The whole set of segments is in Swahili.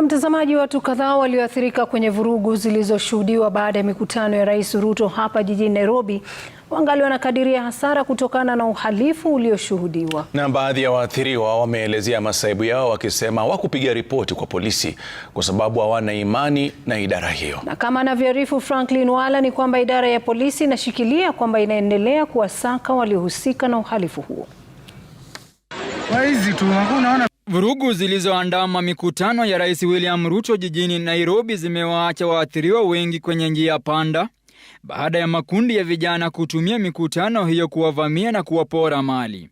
Mtazamaji, watu kadhaa walioathirika kwenye vurugu zilizoshuhudiwa baada ya mikutano ya Rais Ruto hapa jijini Nairobi wangali wanakadiria hasara kutokana na uhalifu ulioshuhudiwa. Na baadhi ya waathiriwa wameelezea masaibu yao wakisema hawakupiga ripoti kwa polisi kwa sababu hawana imani na idara hiyo. Na kama anavyoarifu Franklin Wala ni kwamba idara ya polisi inashikilia kwamba inaendelea kuwasaka waliohusika na uhalifu huo. Vurugu zilizoandama mikutano ya Rais William Ruto jijini Nairobi zimewaacha waathiriwa wengi kwenye njia panda baada ya makundi ya vijana kutumia mikutano hiyo kuwavamia na kuwapora mali.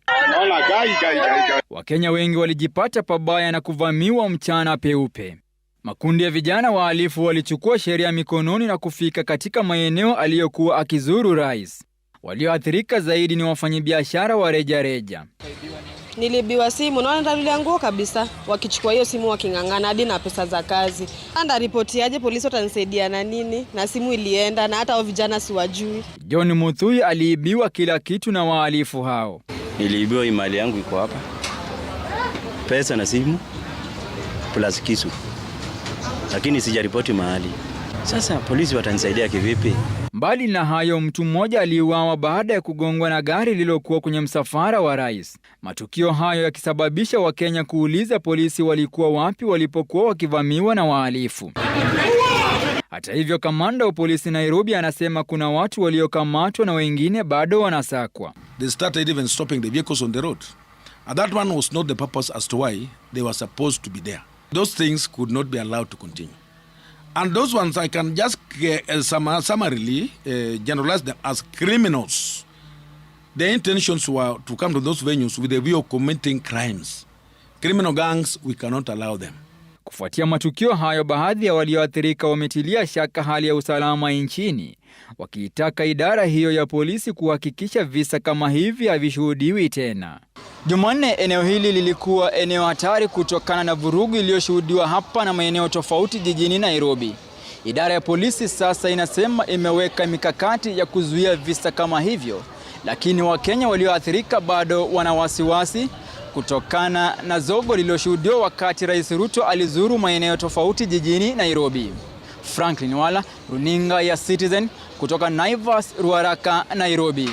Wakenya wengi walijipata pabaya na kuvamiwa mchana peupe. Makundi ya vijana wahalifu walichukua sheria mikononi na kufika katika maeneo aliyokuwa akizuru rais. Walioathirika zaidi ni wafanyabiashara wa rejareja. Nilibiwa simu, naona nguo kabisa, wakichukua hiyo simu waking'ang'ana hadi na pesa za kazi. andaripotiaje polisi? Watanisaidia na nini? Na simu ilienda, na hata hao vijana siwajui. John Muthui aliibiwa kila kitu na waalifu hao. Niliibiwa, imali yangu iko hapa, pesa na simu plus kisu, lakini sijaripoti mahali. Sasa polisi watanisaidia kivipi? Mbali na hayo, mtu mmoja aliuawa baada ya kugongwa na gari lililokuwa kwenye msafara wa rais, matukio hayo yakisababisha Wakenya kuuliza polisi walikuwa wapi walipokuwa wakivamiwa na wahalifu. Hata hivyo, kamanda wa polisi Nairobi anasema kuna watu waliokamatwa na wengine bado wanasakwa. Those things could not be allowed to continue. And those ones, I can just uh, summarily uh, eh, generalize them as criminals. Their intentions were to come to those venues with a view of committing crimes. Criminal gangs, we cannot allow them. Kufuatia matukio hayo, baadhi ya walioathirika wametilia shaka hali ya usalama nchini, wakiitaka idara hiyo ya polisi kuhakikisha visa kama hivi havishuhudiwi tena. Jumanne, eneo hili lilikuwa eneo hatari kutokana na vurugu iliyoshuhudiwa hapa na maeneo tofauti jijini Nairobi. Idara ya polisi sasa inasema imeweka mikakati ya kuzuia visa kama hivyo, lakini Wakenya walioathirika bado wana wasiwasi kutokana na zogo lililoshuhudiwa wakati Rais Ruto alizuru maeneo tofauti jijini Nairobi. Franklin Wala, Runinga ya Citizen kutoka Naivas, Ruaraka, Nairobi.